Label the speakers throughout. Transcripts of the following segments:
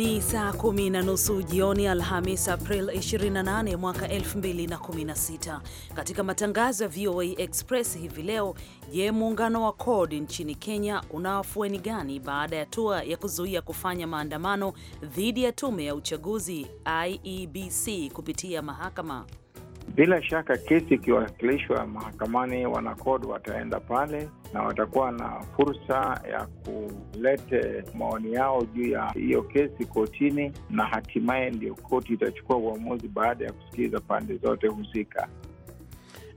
Speaker 1: Ni saa kumi na nusu jioni, Alhamis April 28 mwaka 2016. Katika matangazo ya VOA Express hivi leo, je, muungano wa CORD nchini Kenya una afueni gani baada ya hatua ya kuzuia kufanya maandamano dhidi ya tume ya uchaguzi IEBC kupitia mahakama?
Speaker 2: Bila shaka kesi ikiwakilishwa mahakamani, wanakod wataenda pale na watakuwa na fursa ya kulete maoni yao juu ya hiyo kesi kotini, na hatimaye ndio koti itachukua uamuzi baada ya kusikiliza pande zote husika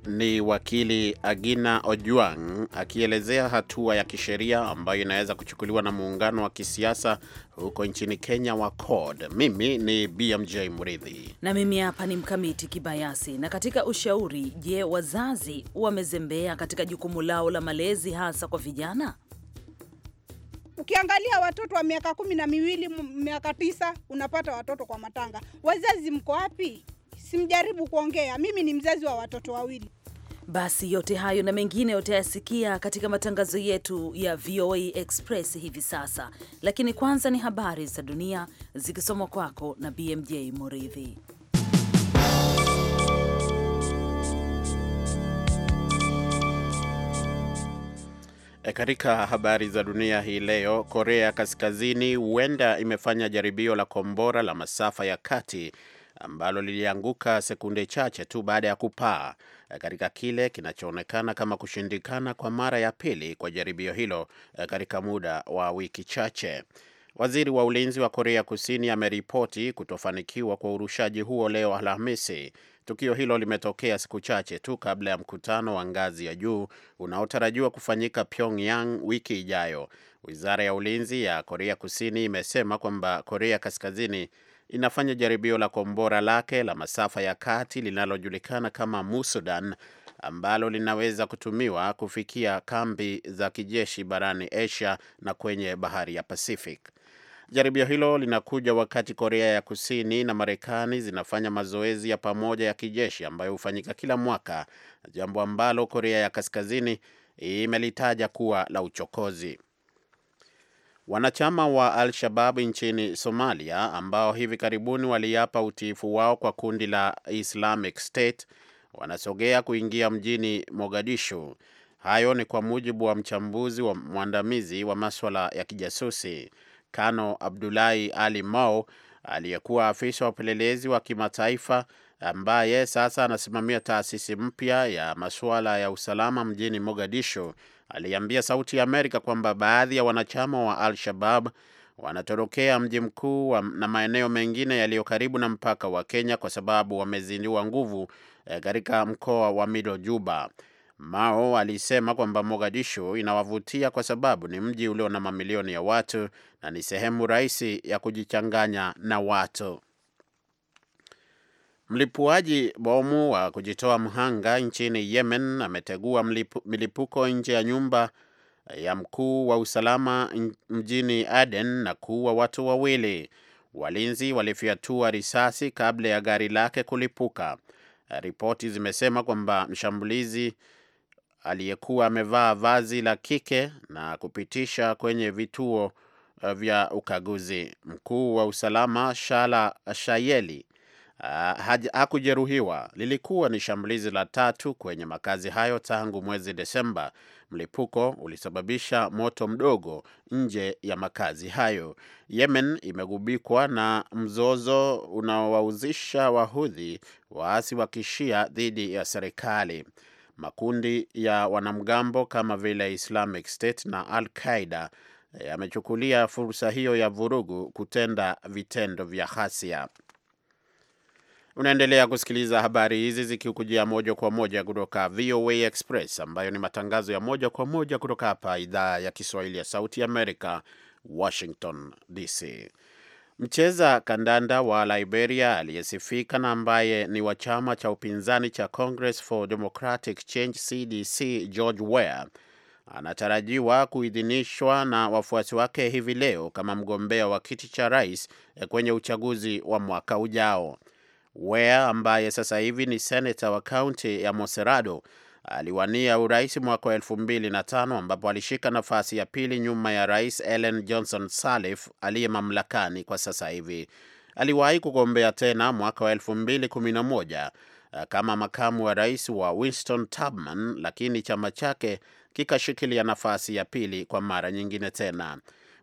Speaker 3: ni wakili Agina Ojuang akielezea hatua ya kisheria ambayo inaweza kuchukuliwa na muungano wa kisiasa huko nchini Kenya wa CORD. Mimi ni BMJ Mridhi
Speaker 1: na mimi hapa ni Mkamiti Kibayasi. Na katika ushauri, je, wazazi wamezembea katika jukumu lao la malezi hasa kwa vijana?
Speaker 4: Ukiangalia watoto wa miaka kumi na miwili, miaka tisa, unapata watoto kwa matanga. Wazazi mko wapi? simjaribu kuongea. Mimi ni mzazi wa watoto wawili.
Speaker 1: Basi yote hayo na mengine utayasikia katika matangazo yetu ya VOA Express hivi sasa, lakini kwanza ni habari za dunia zikisomwa kwako na BMJ Muridhi.
Speaker 3: E, katika habari za dunia hii leo, Korea Kaskazini huenda imefanya jaribio la kombora la masafa ya kati ambalo lilianguka sekunde chache tu baada ya kupaa eh, katika kile kinachoonekana kama kushindikana kwa mara ya pili kwa jaribio hilo eh, katika muda wa wiki chache. Waziri wa ulinzi wa Korea Kusini ameripoti kutofanikiwa kwa urushaji huo leo Alhamisi. Tukio hilo limetokea siku chache tu kabla ya mkutano wa ngazi ya juu unaotarajiwa kufanyika Pyongyang wiki ijayo. Wizara ya ulinzi ya Korea Kusini imesema kwamba Korea Kaskazini inafanya jaribio la kombora lake la masafa ya kati linalojulikana kama Musudan ambalo linaweza kutumiwa kufikia kambi za kijeshi barani Asia na kwenye bahari ya Pacific. Jaribio hilo linakuja wakati Korea ya Kusini na Marekani zinafanya mazoezi ya pamoja ya kijeshi ambayo hufanyika kila mwaka, jambo ambalo Korea ya Kaskazini imelitaja kuwa la uchokozi. Wanachama wa Al-Shabab nchini Somalia ambao hivi karibuni waliapa utiifu wao kwa kundi la Islamic State wanasogea kuingia mjini Mogadishu. Hayo ni kwa mujibu wa mchambuzi wa mwandamizi wa maswala ya kijasusi Kano Abdulahi Ali Mao aliyekuwa afisa wa upelelezi wa kimataifa ambaye sasa anasimamia taasisi mpya ya masuala ya usalama mjini Mogadishu aliambia Sauti ya Amerika kwamba baadhi ya wanachama wa Al-Shabab wanatorokea mji mkuu na maeneo mengine yaliyo karibu na mpaka wa Kenya kwa sababu wamezindiwa nguvu eh, katika mkoa wa Mido Juba. Mao alisema kwamba Mogadishu inawavutia kwa sababu ni mji ulio na mamilioni ya watu na ni sehemu rahisi ya kujichanganya na watu. Mlipuaji bomu wa kujitoa mhanga nchini Yemen ametegua milipuko nje ya nyumba ya mkuu wa usalama mjini Aden na kuua watu wawili. Walinzi walifyatua risasi kabla ya gari lake kulipuka. Ripoti zimesema kwamba mshambulizi aliyekuwa amevaa vazi la kike na kupitisha kwenye vituo eh, vya ukaguzi. Mkuu wa usalama Shala Shayeli uh, hakujeruhiwa. Lilikuwa ni shambulizi la tatu kwenye makazi hayo tangu mwezi Desemba. Mlipuko ulisababisha moto mdogo nje ya makazi hayo. Yemen imegubikwa na mzozo unaowahusisha Wahudhi, waasi wa Kishia dhidi ya serikali. Makundi ya wanamgambo kama vile Islamic State na Al Qaida eh, yamechukulia fursa hiyo ya vurugu kutenda vitendo vya ghasia. Unaendelea kusikiliza habari hizi zikikujia moja kwa moja kutoka VOA Express, ambayo ni matangazo ya moja kwa moja kutoka hapa idhaa ya Kiswahili ya Sauti Amerika, Washington DC. Mcheza kandanda wa Liberia aliyesifika na ambaye ni wa chama cha upinzani cha Congress for Democratic Change CDC, George Weah anatarajiwa kuidhinishwa na wafuasi wake hivi leo kama mgombea wa kiti cha rais eh, kwenye uchaguzi wa mwaka ujao. Wea ambaye sasa hivi ni seneta wa kaunti ya Moserado aliwania urais mwaka wa elfu mbili na tano ambapo alishika nafasi ya pili nyuma ya rais Ellen Johnson Sirleaf aliye mamlakani kwa sasa hivi. Aliwahi kugombea tena mwaka wa elfu mbili kumi na moja eh, kama makamu wa rais wa Winston Tubman, lakini chama chake kikashikilia nafasi ya pili kwa mara nyingine tena.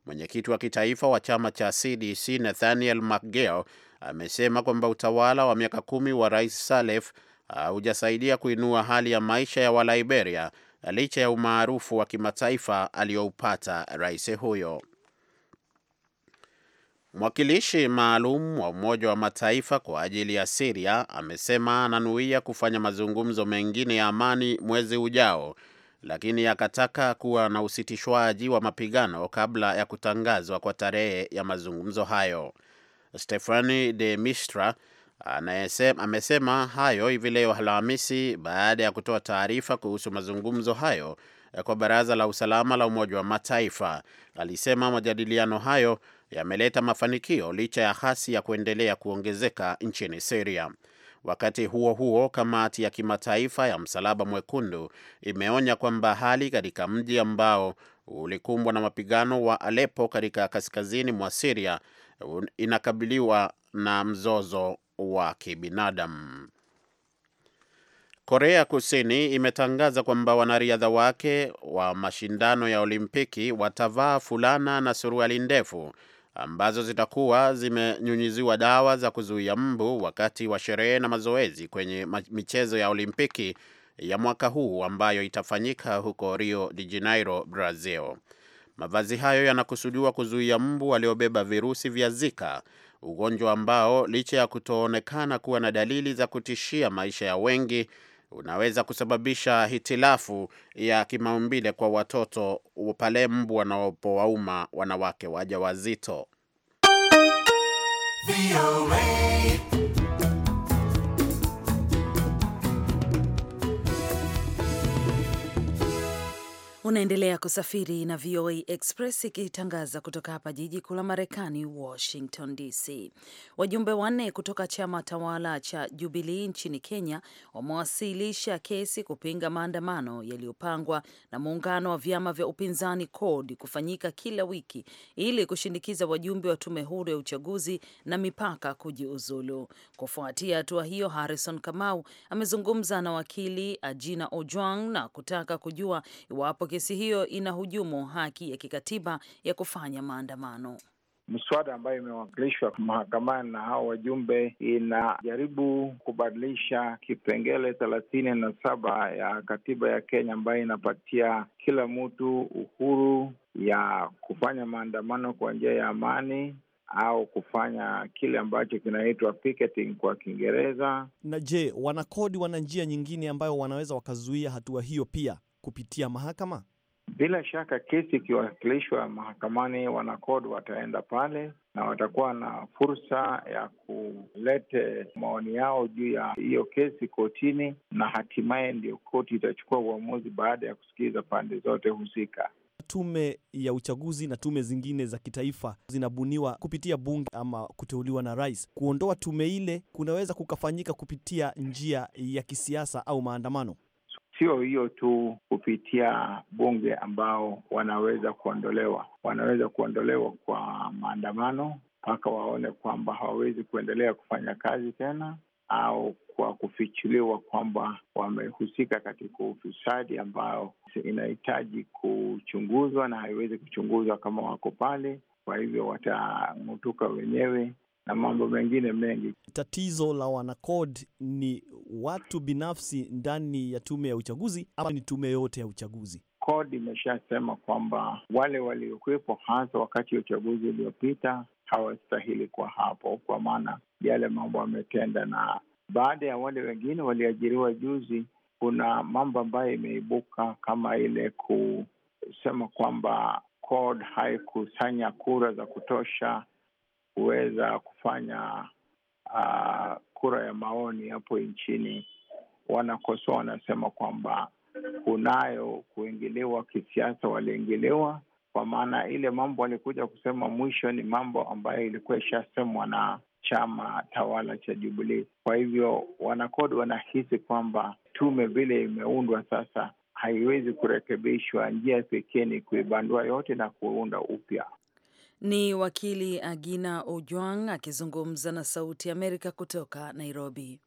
Speaker 3: Mwenyekiti wa kitaifa wa chama cha CDC Nathaniel McGill amesema kwamba utawala wa miaka kumi wa Rais Salef uh, haujasaidia kuinua hali ya maisha ya Waliberia uh, licha ya umaarufu wa kimataifa aliyoupata rais huyo. Mwakilishi maalum wa Umoja wa Mataifa kwa ajili ya Siria amesema ananuia kufanya mazungumzo mengine ya amani mwezi ujao, lakini akataka kuwa na usitishwaji wa mapigano kabla ya kutangazwa kwa tarehe ya mazungumzo hayo. Stefani de Mistra anayesema, amesema hayo hivi leo Alhamisi baada ya kutoa taarifa kuhusu mazungumzo hayo kwa Baraza la Usalama la Umoja wa Mataifa. Alisema majadiliano hayo yameleta mafanikio licha ya hasi ya kuendelea kuongezeka nchini Syria. Wakati huo huo, kamati ya kimataifa ya Msalaba Mwekundu imeonya kwamba hali katika mji ambao ulikumbwa na mapigano wa Aleppo katika kaskazini mwa Syria inakabiliwa na mzozo wa kibinadamu. Korea Kusini imetangaza kwamba wanariadha wake wa mashindano ya Olimpiki watavaa fulana na suruali ndefu ambazo zitakuwa zimenyunyiziwa dawa za kuzuia mbu wakati wa sherehe na mazoezi kwenye michezo ya Olimpiki ya mwaka huu ambayo itafanyika huko Rio de Janeiro, Brazil. Mavazi hayo yanakusudiwa kuzuia mbu waliobeba virusi vya Zika, ugonjwa ambao licha ya kutoonekana kuwa na dalili za kutishia maisha ya wengi unaweza kusababisha hitilafu ya kimaumbile kwa watoto pale mbu wanaopowauma wanawake waja wazito
Speaker 1: Unaendelea kusafiri na VOA Express ikitangaza kutoka hapa jiji kuu la Marekani, Washington DC. Wajumbe wanne kutoka chama tawala cha Jubilii nchini Kenya wamewasilisha kesi kupinga maandamano yaliyopangwa na muungano wa vyama vya upinzani CORD kufanyika kila wiki ili kushinikiza wajumbe wa tume huru ya uchaguzi na mipaka kujiuzulu. Kufuatia hatua hiyo, Harrison Kamau amezungumza na wakili Ajina Ojwang na kutaka kujua iwapo kesi hiyo inahujumu haki ya kikatiba ya kufanya maandamano.
Speaker 2: Mswada ambayo imewakilishwa mahakamani na hao wajumbe inajaribu kubadilisha kipengele thelathini na saba ya katiba ya Kenya ambayo inapatia kila mtu uhuru ya kufanya maandamano kwa njia ya amani au kufanya kile ambacho kinaitwa picketing kwa Kiingereza.
Speaker 5: Na je, wanakodi wana njia nyingine ambayo wanaweza wakazuia hatua hiyo pia kupitia mahakama? Bila shaka kesi
Speaker 2: ikiwakilishwa mahakamani, wanakod wataenda pale na watakuwa na fursa ya kulete maoni yao juu ya hiyo kesi kotini, na hatimaye ndio koti itachukua uamuzi baada ya kusikiliza pande zote husika.
Speaker 5: Tume ya uchaguzi na tume zingine za kitaifa zinabuniwa kupitia bunge ama kuteuliwa na rais. Kuondoa tume ile kunaweza kukafanyika kupitia njia ya kisiasa au maandamano
Speaker 2: sio hiyo tu kupitia bunge ambao wanaweza kuondolewa, wanaweza kuondolewa kwa maandamano mpaka waone kwamba hawawezi kuendelea kufanya kazi tena, au kwa kufichuliwa kwamba wamehusika katika ufisadi ambao inahitaji kuchunguzwa na haiwezi kuchunguzwa kama wako pale. Kwa hivyo watang'utuka wenyewe na mambo mengine mengi.
Speaker 5: Tatizo la wanacod ni watu binafsi ndani ya tume ya uchaguzi ama ni tume yote ya uchaguzi?
Speaker 2: Kodi imeshasema kwamba wale waliokuwepo hasa wakati wa uchaguzi uliopita hawastahili kwa hapo, kwa maana yale mambo ametenda. Na baada ya wale wengine waliajiriwa juzi, kuna mambo ambayo imeibuka kama ile kusema kwamba haikusanya kura za kutosha kuweza kufanya uh, kura ya maoni hapo nchini, wanakosoa wanasema kwamba kunayo kuingiliwa kisiasa, waliingiliwa kwa maana ile mambo alikuja kusema mwisho ni mambo ambayo ilikuwa ishasemwa na chama tawala cha Jubilii. Kwa hivyo wanakodi wanahisi kwamba tume vile imeundwa sasa haiwezi kurekebishwa, njia pekee ni kuibandua yote na kuunda upya.
Speaker 1: Ni wakili Agina Ojwang akizungumza na Sauti ya Amerika kutoka Nairobi.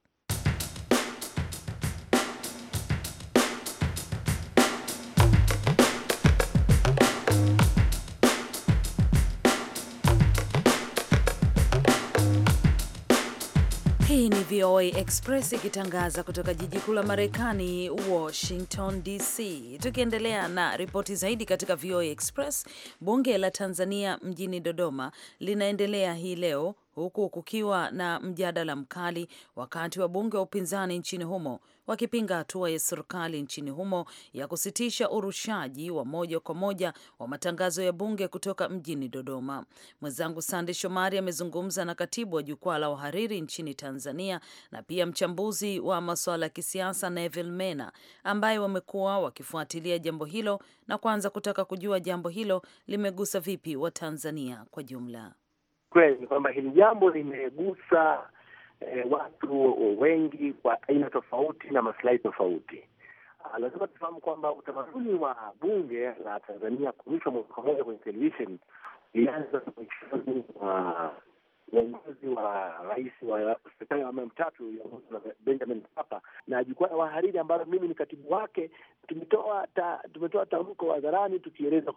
Speaker 1: VOA Express ikitangaza kutoka jiji kuu la Marekani, Washington DC. Tukiendelea na ripoti zaidi katika VOA Express, bunge la Tanzania mjini Dodoma linaendelea hii leo huku kukiwa na mjadala mkali wakati wa bunge wa upinzani nchini humo wakipinga hatua ya serikali nchini humo ya kusitisha urushaji wa moja kwa moja wa matangazo ya bunge kutoka mjini Dodoma. Mwenzangu Sande Shomari amezungumza na katibu wa jukwaa la wahariri nchini Tanzania na pia mchambuzi wa masuala ya kisiasa nevil Mena, ambaye wamekuwa wakifuatilia jambo hilo na kwanza kutaka kujua jambo hilo limegusa vipi Watanzania kwa jumla
Speaker 5: kweli ni kwamba hili jambo limegusa eh, watu wengi kwa aina tofauti na masilahi tofauti. Ah, lazima tufahamu kwamba utamaduni wa bunge la Tanzania kurushwa moja kwa moja kwenye televishen ulianza mwishoni mwa uongozi wa rais wa serikali ya awamu tatu na Benjamin Mkapa na jukwaa la wahariri ambalo mimi ni katibu wake, tumetoa ta, tumetoa tamko hadharani tukieleza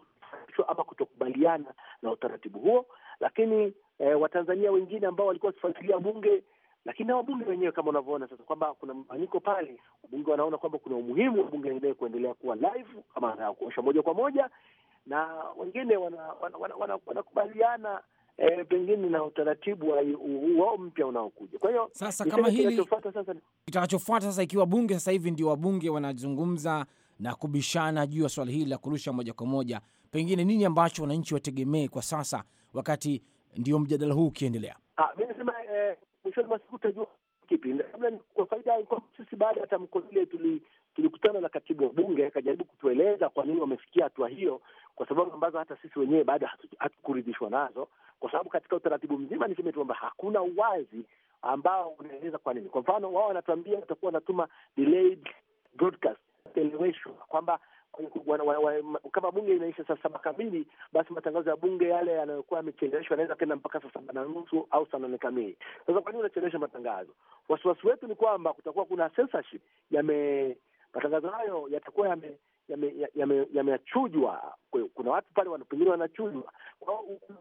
Speaker 5: ama kutokubaliana na utaratibu huo, lakini e, Watanzania wengine ambao walikuwa wakifuatilia bunge, lakini na wabunge wenyewe kama unavyoona sasa kwamba kuna mgawanyiko pale. Wabunge wanaona kwamba kuna umuhimu wa bunge lenyewe kuendelea kuwa live kama kuosha moja kwa moja, na wengine wanakubaliana wana, wana, wana E, pengine na utaratibu wao mpya unaokuja. Kwa hiyo sasa kama hili
Speaker 6: kitakachofuata sasa, ikiwa bunge sasa hivi ndio wabunge wanazungumza na kubishana juu ya swala hili la kurusha moja kwa moja, pengine nini ambacho wananchi wategemee kwa sasa, wakati ndio mjadala huu ukiendelea.
Speaker 5: Ah, Mi nasema eh, mwishoni mwa siku tutajua kipi. Kwa faida sisi, baada ya tamko lile tulikutana na katibu wa bunge akajaribu kutueleza kwa nini wamefikia hatua hiyo, kwa sababu ambazo hata sisi wenyewe bado hatukuridhishwa nazo, kwa sababu katika utaratibu mzima niseme tu kwamba hakuna uwazi ambao unaeleza kwa nini. Kwa mfano, wao wanatuambia watakuwa wanatuma delayed broadcast, kwamba kama bunge inaisha saa saba kamili, basi matangazo ya bunge yale yanayokuwa yamecheleweshwa yanaweza kenda mpaka saa saba na nusu au saa nane kamili. Sasa kwa nini unachelewesha matangazo? Wasiwasi wetu ni kwamba kutakuwa kuna censorship, yame matangazo hayo yatakuwa yame yamechujwa yame, yame kuna watu pale pengine wanachujwa.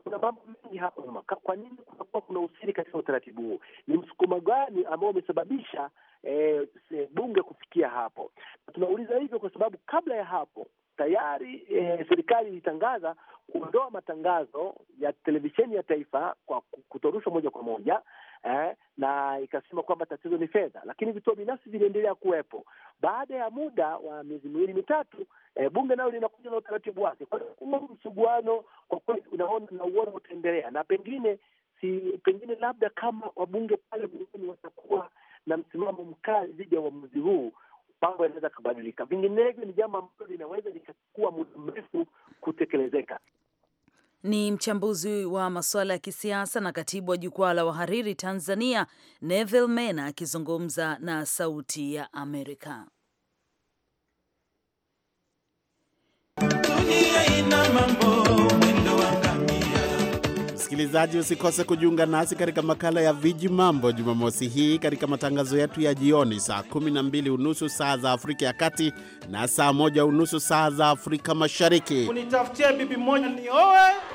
Speaker 5: Kuna mambo mengi hapo nyuma. Kwa nini kunakuwa kuna usiri katika utaratibu huu? Ni msukuma gani ambao umesababisha eh, bunge kufikia hapo? Tunauliza hivyo kwa sababu kabla ya hapo tayari eh, serikali ilitangaza kuondoa matangazo ya televisheni ya taifa kwa kutorushwa moja kwa moja eh, na ikasema kwamba tatizo ni fedha, lakini vituo binafsi viliendelea kuwepo. Baada ya muda wa miezi miwili mitatu, eh, bunge nayo linakuja na utaratibu wake. Kwa hiyo msuguano kwa kweli unaona uona utaendelea, na pengine si pengine labda kama wabunge pale bungeni watakuwa na msimamo mkali dhidi ya uamuzi huu mambo yanaweza kubadilika. Vinginevyo ni jambo ambalo linaweza likachukua muda mrefu kutekelezeka
Speaker 1: ni mchambuzi wa masuala ya kisiasa na katibu wa jukwaa la wahariri Tanzania, Neville Mena akizungumza na Sauti ya Amerika.
Speaker 3: Msikilizaji, usikose kujiunga nasi katika makala ya Viji Mambo Jumamosi hii katika matangazo yetu ya jioni saa 12 unusu saa za Afrika ya Kati na saa 1 unusu saa za Afrika Mashariki.
Speaker 6: bibi moja nioe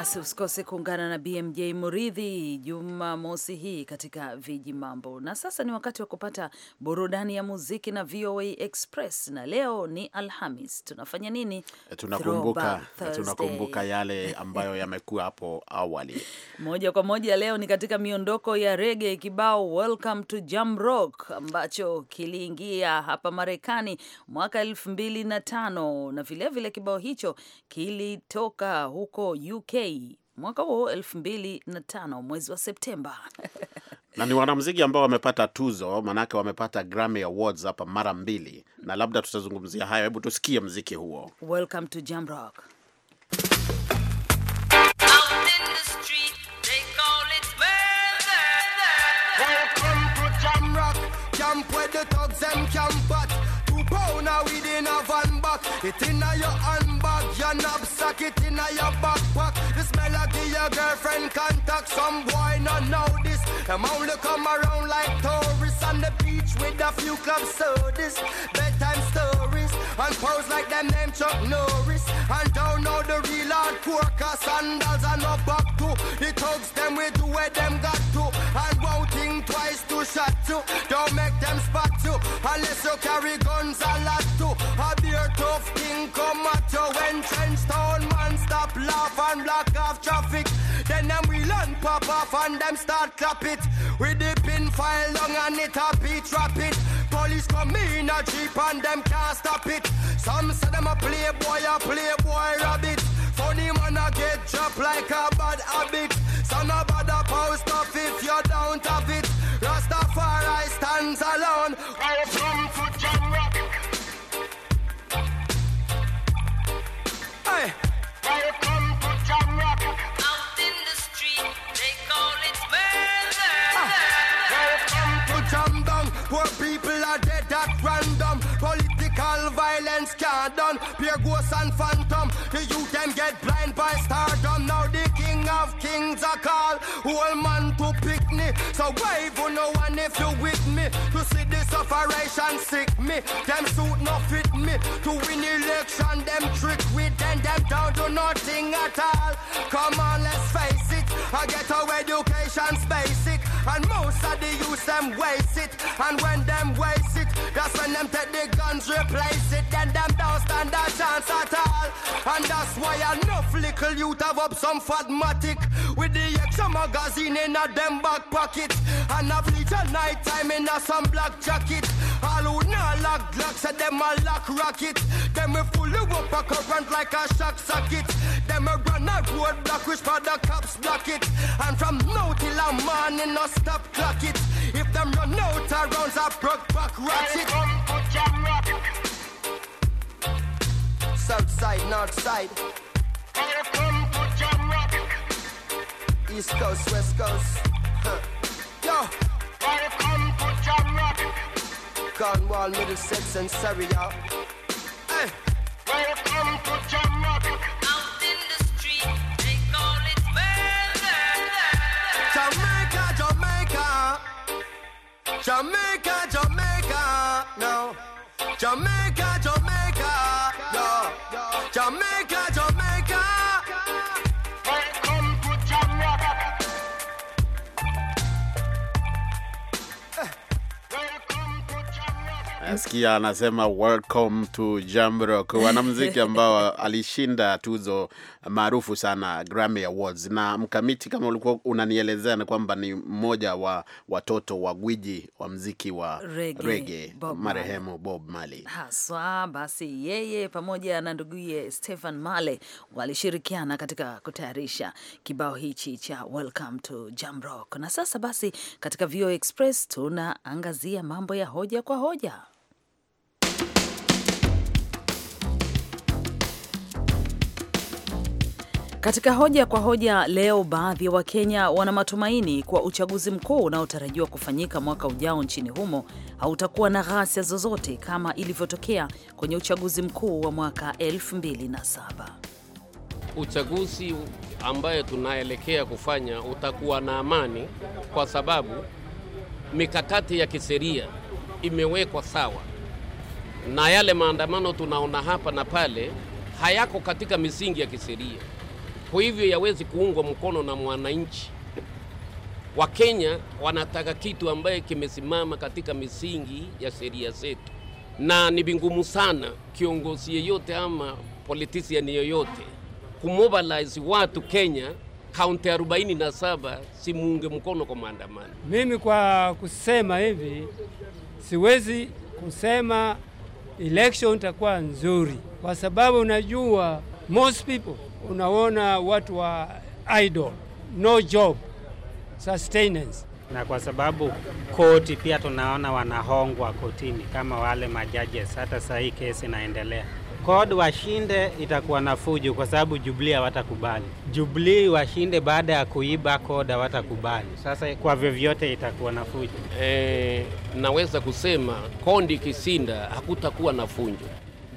Speaker 1: Basi usikose kuungana na BMJ Muridhi Jumamosi hii katika Viji Mambo. Na sasa ni wakati wa kupata burudani ya muziki na VOA Express, na leo ni Alhamis. Tunafanya nini? Eh, tunakumbuka, eh, tunakumbuka
Speaker 3: yale ambayo yamekuwa hapo awali.
Speaker 1: Moja kwa moja leo ni katika miondoko ya rege, kibao Welcome to Jam Rock ambacho kiliingia hapa Marekani mwaka elfu mbili na tano na vilevile kibao hicho kilitoka huko UK Mei mwaka huo elfu mbili na tano mwezi wa Septemba.
Speaker 3: na ni wanamziki ambao wamepata tuzo, manake wamepata Grammy Awards hapa mara mbili, na labda tutazungumzia hayo. Hebu tusikie mziki huo,
Speaker 1: Welcome to Jamrock.
Speaker 7: It in a your handbag, your knapsack, it in a your backpack your girlfriend contact some boy, not know this. Them only come around like tourists on the beach with a few club sodas, bedtime stories, and pose like them name Chuck Norris. And don't know the real hardcore, cause sandals are no back to. The thugs them we do where them got to. And won't think twice to shot to. Don't make them spot you, unless you carry guns a lot too. A your tough thing come at you when trench talk up, laugh and block off traffic. Then them we learn pop off and them start clap it. With the pin file long and it happy trap it. Police come in a jeep and them can't stop it. Some say them a playboy, a playboy rabbit. Funny man a get dropped like a bad habit. Son of a post off if you don't have it. Rastafari stands alone. can't done. Pure ghost and phantom. The youth them get blind by stardom. Now the king of kings are called. Whole man to pick me. So wave on no one if you with me. To see this operation sick me. Them suit no fit me. To win election, them trick with them. Them down to nothing at all. Come on, let's face it. I get our education's basic. And most of the youth them waste it. And when them waste it, that's when them take the guns, replace it, then them don't stand a chance at all. And that's why enough little youth have up some fatmatic with the extra magazine in a them back pocket. And a bleach night time in a some black jacket. All who not lock glocks and them a lock rocket. Them we fully up a current like a shock socket. Them we run a road block which for the cops block it. And from now till a morning no stop clock it. If them run out around a broke ratchet. South side, north side. East coast, west coast. Huh. Yo. Cornwall, Middlesex, and Surrey, y'all. Jamaica, Jamaica, yeah. Jamaica, Jamaica. Welcome to Jamaica.
Speaker 3: Nasikia anasema welcome to Jamrock, wanamuziki ambao alishinda tuzo maarufu sana Grammy Awards. Na mkamiti, kama ulikuwa unanielezea, ni kwamba ni mmoja wa watoto wa gwiji wa mziki wa reggae Bob marehemu Bob Marley
Speaker 1: haswa. Basi yeye pamoja na nduguye Stephen Marley walishirikiana katika kutayarisha kibao hichi cha Welcome to Jamrock. Na sasa basi katika VOA Express tunaangazia mambo ya hoja kwa hoja. Katika hoja kwa hoja leo, baadhi ya wa Wakenya wana matumaini kwa uchaguzi mkuu unaotarajiwa kufanyika mwaka ujao nchini humo hautakuwa na ghasia zozote kama ilivyotokea kwenye uchaguzi mkuu wa mwaka 2007.
Speaker 8: Uchaguzi ambayo tunaelekea kufanya utakuwa na amani kwa sababu mikakati ya kisheria imewekwa sawa, na yale maandamano tunaona hapa na pale hayako katika misingi ya kisheria. Kwa hivyo yawezi kuungwa mkono na mwananchi. Wakenya wanataka kitu ambaye kimesimama katika misingi ya sheria zetu, na ni vingumu sana kiongozi yeyote ama politician yeyote kumobilize watu Kenya. Kaunti 47 si muunge mkono kwa maandamano. Mimi kwa kusema hivi, siwezi kusema election itakuwa nzuri, kwa sababu unajua most people unaona watu wa idol, no job sustenance. Na kwa sababu koti pia tunaona wanahongwa kotini kama wale majudges, hata saa hii kesi inaendelea.
Speaker 3: kod washinde itakuwa na fujo kwa
Speaker 8: sababu Jubilee hawatakubali. Jubilee washinde baada ya kuiba kod hawatakubali. Sasa kwa vyovyote itakuwa na fujo. E, eh, naweza kusema kondi kisinda hakutakuwa na fujo,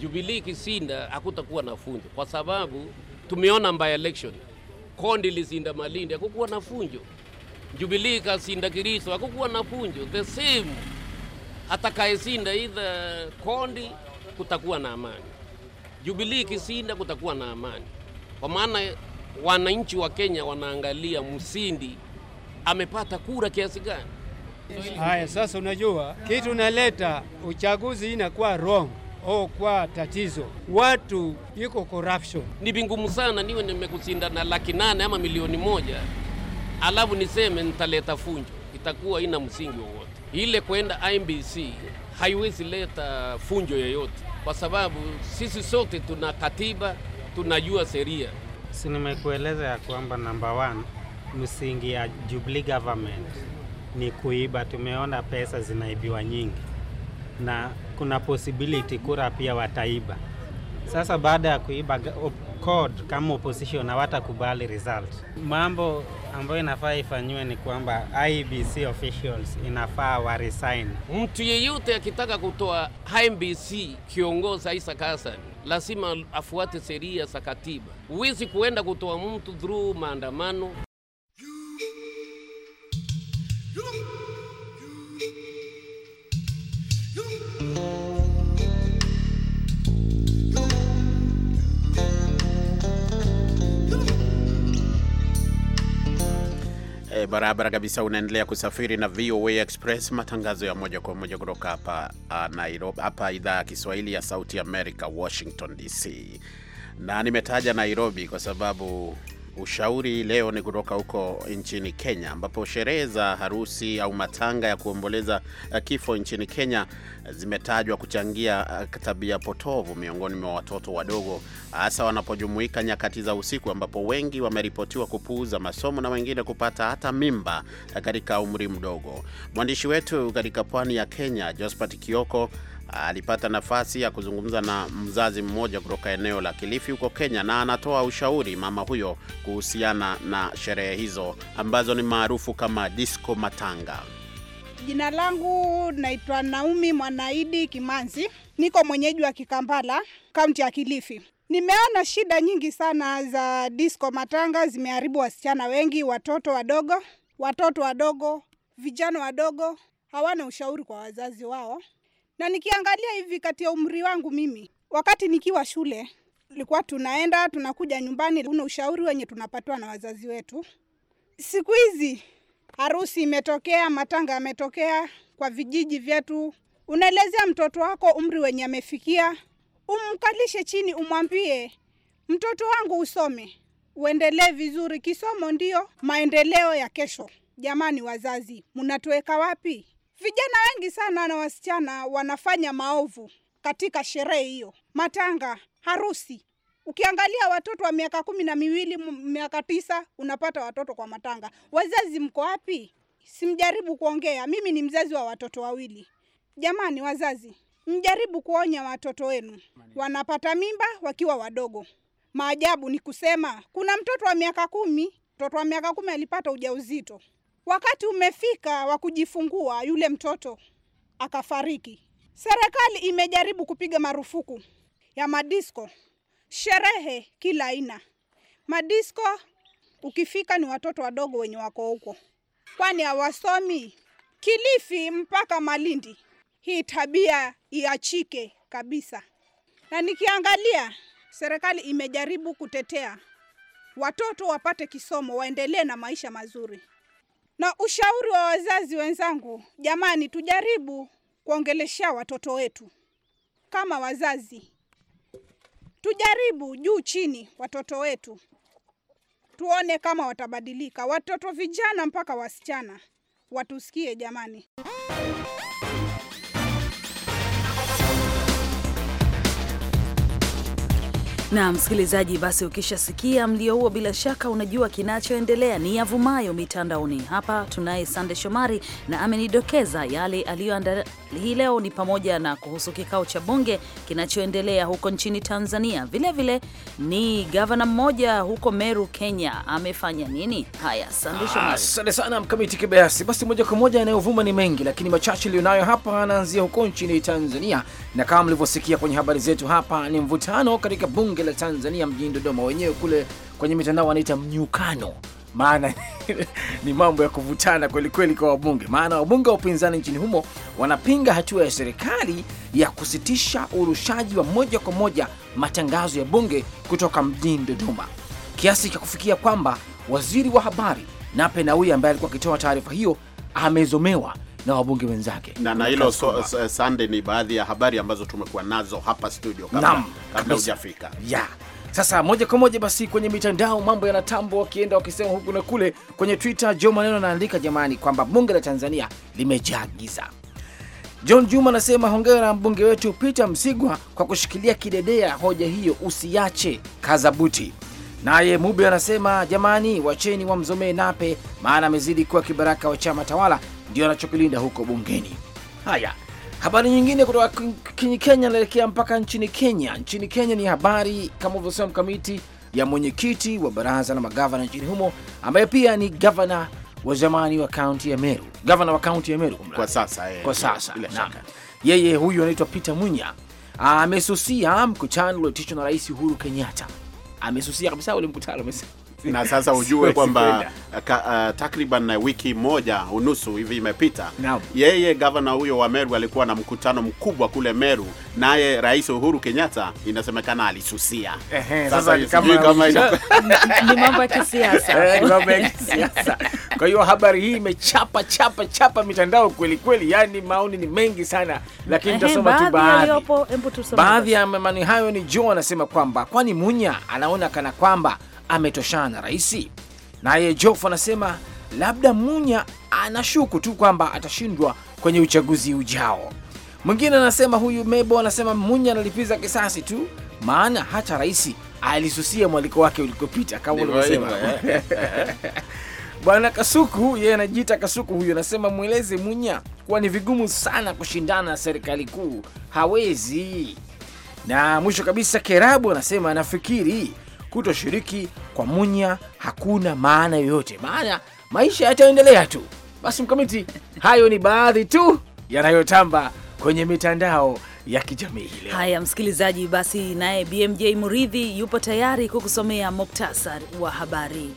Speaker 8: Jubilee kisinda hakutakuwa na fujo kwa sababu tumeona by election Kondi lisinda Malindi, hakukuwa na funjo. Jubilee kasinda Kiristo, hakukuwa na funjo. The same atakayesinda either Kondi, kutakuwa na amani. Jubilee kisinda kutakuwa na amani, kwa maana wananchi wa Kenya wanaangalia msindi amepata kura kiasi gani. Haya, sasa unajua kitu naleta uchaguzi inakuwa wrong Oh, kwa tatizo watu iko corruption. Ni vingumu sana niwe nimekushinda na laki nane ama milioni moja alafu niseme nitaleta funjo, itakuwa ina msingi wowote ile. Kwenda IBC haiwezi leta funjo yoyote, kwa sababu sisi sote tuna katiba, tunajua sheria.
Speaker 3: Si nimekueleza ya kwamba namba one msingi ya Jubilee government ni kuiba. Tumeona pesa zinaibiwa nyingi na kuna possibility kura pia wataiba. Sasa baada ya kuiba code kama opposition hawatakubali result. Mambo ambayo inafaa ifanyiwe ni
Speaker 8: kwamba IBC officials inafaa wa resign. Mtu yeyote akitaka kutoa IBC kiongoza Isaac Hassan lazima afuate sheria za katiba. Huwezi kuenda kutoa mtu through maandamano.
Speaker 3: E, barabara kabisa. Unaendelea kusafiri na VOA Express, matangazo ya moja kwa moja kutoka hapa ah, Nairobi, hapa idhaa ya Kiswahili ya Sauti America, Washington DC. Na nimetaja Nairobi kwa sababu Ushauri leo ni kutoka huko nchini Kenya, ambapo sherehe za harusi au matanga ya kuomboleza eh, kifo nchini Kenya eh, zimetajwa kuchangia eh, tabia potovu miongoni mwa watoto wadogo, hasa wanapojumuika nyakati za usiku, ambapo wengi wameripotiwa kupuuza masomo na wengine kupata hata mimba katika umri mdogo. Mwandishi wetu katika pwani ya Kenya, Josephat Kioko, alipata nafasi ya kuzungumza na mzazi mmoja kutoka eneo la Kilifi huko Kenya, na anatoa ushauri mama huyo kuhusiana na sherehe hizo ambazo ni maarufu kama disco matanga.
Speaker 4: Jina langu naitwa naumi Mwanaidi Kimanzi, niko mwenyeji wa Kikambala, kaunti ya Kilifi. Nimeona shida nyingi sana za disco matanga, zimeharibu wasichana wengi, watoto wadogo, watoto wadogo, vijana wadogo hawana ushauri kwa wazazi wao na nikiangalia hivi kati ya umri wangu mimi, wakati nikiwa shule tulikuwa tunaenda tunakuja nyumbani, kuna ushauri wenye tunapatiwa na wazazi wetu. Siku hizi harusi imetokea, matanga yametokea kwa vijiji vyetu, unaelezea mtoto wako umri wenye amefikia, umkalishe chini, umwambie mtoto wangu usome, uendelee vizuri. Kisomo ndio maendeleo ya kesho. Jamani wazazi, mnatuweka wapi? Vijana wengi sana na wasichana wanafanya maovu katika sherehe hiyo, matanga, harusi. Ukiangalia watoto wa miaka kumi na miwili, miaka tisa, unapata watoto kwa matanga. Wazazi mko wapi? Simjaribu kuongea, mimi ni mzazi wa watoto wawili. Jamani wazazi, mjaribu kuonya watoto wenu, wanapata mimba wakiwa wadogo. Maajabu ni kusema kuna mtoto wa miaka kumi, mtoto wa miaka kumi alipata ujauzito Wakati umefika wa kujifungua, yule mtoto akafariki. Serikali imejaribu kupiga marufuku ya madisko, sherehe kila aina. Madisko ukifika ni watoto wadogo wenye wako huko, kwani hawasomi. Kilifi mpaka Malindi, hii tabia iachike kabisa. Na nikiangalia serikali imejaribu kutetea watoto wapate kisomo, waendelee na maisha mazuri. Na ushauri wa wazazi wenzangu, jamani, tujaribu kuongelesha watoto wetu kama wazazi, tujaribu juu chini watoto wetu, tuone kama watabadilika. Watoto vijana mpaka wasichana watusikie jamani.
Speaker 1: Na msikilizaji, basi ukishasikia mlio huo, bila shaka unajua kinachoendelea ni yavumayo mitandaoni. Hapa tunaye Sande Shomari na amenidokeza yale aliyoandaa hii leo, ni pamoja na kuhusu kikao cha bunge kinachoendelea huko nchini Tanzania. Vilevile vile, ni gavana mmoja huko Meru, Kenya, amefanya nini? Haya, Sande Shomari. Ah, asante sana Mkamiti
Speaker 6: Kibayasi. Basi moja kwa moja, yanayovuma ni mengi, lakini machache niliyonayo hapa anaanzia huko nchini Tanzania, na kama mlivyosikia kwenye habari zetu hapa, ni mvutano katika bunge bunge la Tanzania mjini Dodoma. Wenyewe kule kwenye mitandao wanaita mnyukano, maana ni mambo ya kuvutana kweli kweli kwa wabunge, maana wabunge wa upinzani nchini humo wanapinga hatua ya serikali ya kusitisha urushaji wa moja kwa moja matangazo ya bunge kutoka mjini Dodoma, kiasi cha kufikia kwamba waziri wa habari Nape Nnauye ambaye alikuwa akitoa taarifa hiyo amezomewa na wabunge wenzake. Na hilo so,
Speaker 3: so, eh, Sunday ni baadhi ya habari ambazo tumekuwa nazo hapa studio kabla hujafika. Yeah.
Speaker 6: Sasa moja kwa moja basi kwenye mitandao mambo yanatambwa, wakienda wakisema huku na kule. Kwenye Twitter, Jo Maneno anaandika jamani, kwamba bunge la Tanzania limejaa giza. John Juma anasema hongera na mbunge wetu Peter Msigwa kwa kushikilia kidedea hoja hiyo, usiache kazabuti. Naye Mube anasema jamani, wacheni wamzomee Nape, maana amezidi kuwa kibaraka wa chama tawala ndio anachokilinda huko bungeni. Haya, habari nyingine kutoka Kenya inaelekea mpaka nchini Kenya. Nchini Kenya ni habari kama ulivyosema mkamiti ya mwenyekiti wa baraza la magavana nchini humo ambaye pia ni gavana wa zamani wa kaunti ya Meru, gavana wa kaunti ya Meru kwa sasa, eh, kwa sasa na yeye huyu anaitwa Peter Munya amesusia mkutano ulioitishwa na Rais Uhuru Kenyatta. Amesusia
Speaker 3: kabisa ule mkutano, amesema na sasa ujue kwamba uh, uh, takriban wiki moja unusu hivi imepita Yeye gavana huyo wa Meru alikuwa na mkutano mkubwa kule Meru, naye Rais Uhuru Kenyatta inasemekana alisusia.
Speaker 4: ni mambo ya kisiasa.
Speaker 3: Kwa hiyo habari hii
Speaker 6: imechapa chapa chapa mitandao kweli kweli, yani maoni ni mengi sana, lakini tutasoma tu baadhi. Baadhi ya maoni hayo ni Joe anasema kwamba kwani Munya anaona kana kwamba ametoshana na rais? Naye Jof anasema labda Munya anashuku tu kwamba atashindwa kwenye uchaguzi ujao. Mwingine anasema huyu Mebo anasema Munya analipiza kisasi tu, maana hata rais alisusia mwaliko wake ulikopita kama ulivyosema. Eh. Bwana Kasuku yeye anajiita Kasuku huyu anasema mweleze Munya kuwa ni vigumu sana kushindana na serikali kuu, hawezi. Na mwisho kabisa Kerabu anasema anafikiri kutoshiriki kwa Munya hakuna maana yoyote, maana maisha yataendelea tu. Basi mkamiti, hayo ni baadhi tu yanayotamba kwenye mitandao ya kijamii leo.
Speaker 1: Haya msikilizaji, basi naye BMJ Muridhi yupo tayari kukusomea muktasar wa habari.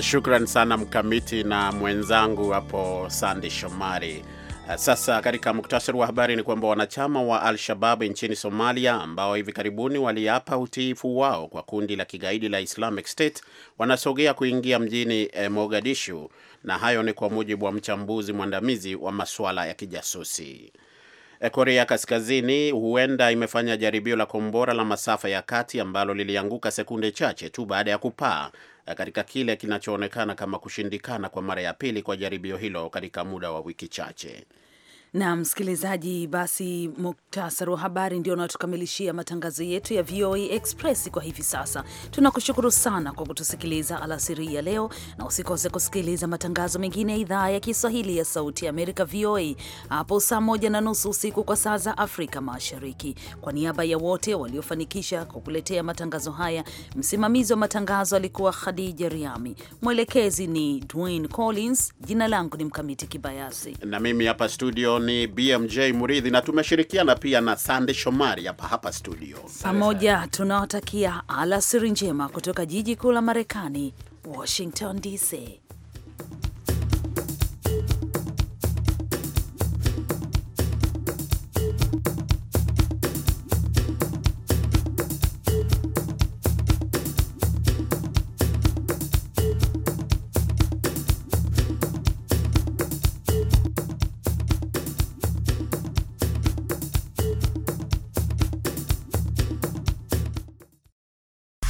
Speaker 3: Shukran sana Mkamiti na mwenzangu hapo Sandi Shomari. Eh, sasa katika muktasari wa habari ni kwamba wanachama wa Al-Shabab nchini Somalia ambao hivi karibuni waliapa utiifu wao kwa kundi la kigaidi la Islamic State wanasogea kuingia mjini eh, Mogadishu na hayo ni kwa mujibu wa mchambuzi mwandamizi wa masuala ya kijasusi. Eh, Korea Kaskazini huenda imefanya jaribio la kombora la masafa ya kati ambalo lilianguka sekunde chache tu baada ya kupaa Eh, katika kile kinachoonekana kama kushindikana kwa mara ya pili kwa jaribio hilo katika muda wa wiki chache.
Speaker 1: Na msikilizaji, basi muktasari wa habari ndio unatukamilishia matangazo yetu ya VOA Express kwa hivi sasa. Tunakushukuru sana kwa kutusikiliza alasiri ya leo, na usikose kusikiliza matangazo mengine ya idhaa ya Kiswahili ya Sauti ya Amerika, VOA, hapo saa moja na nusu usiku kwa saa za Afrika Mashariki. Kwa niaba ya wote waliofanikisha kwa kuletea matangazo haya, msimamizi wa matangazo alikuwa Khadija Riami, mwelekezi ni Dwayne Collins, jina langu ni Mkamiti Kibayasi
Speaker 3: na mimi hapa studio ni BMJ Muridhi na tumeshirikiana pia na Sande Shomari hapa hapa studio.
Speaker 1: Pamoja tunawatakia alasiri njema kutoka jiji kuu la Marekani, Washington DC.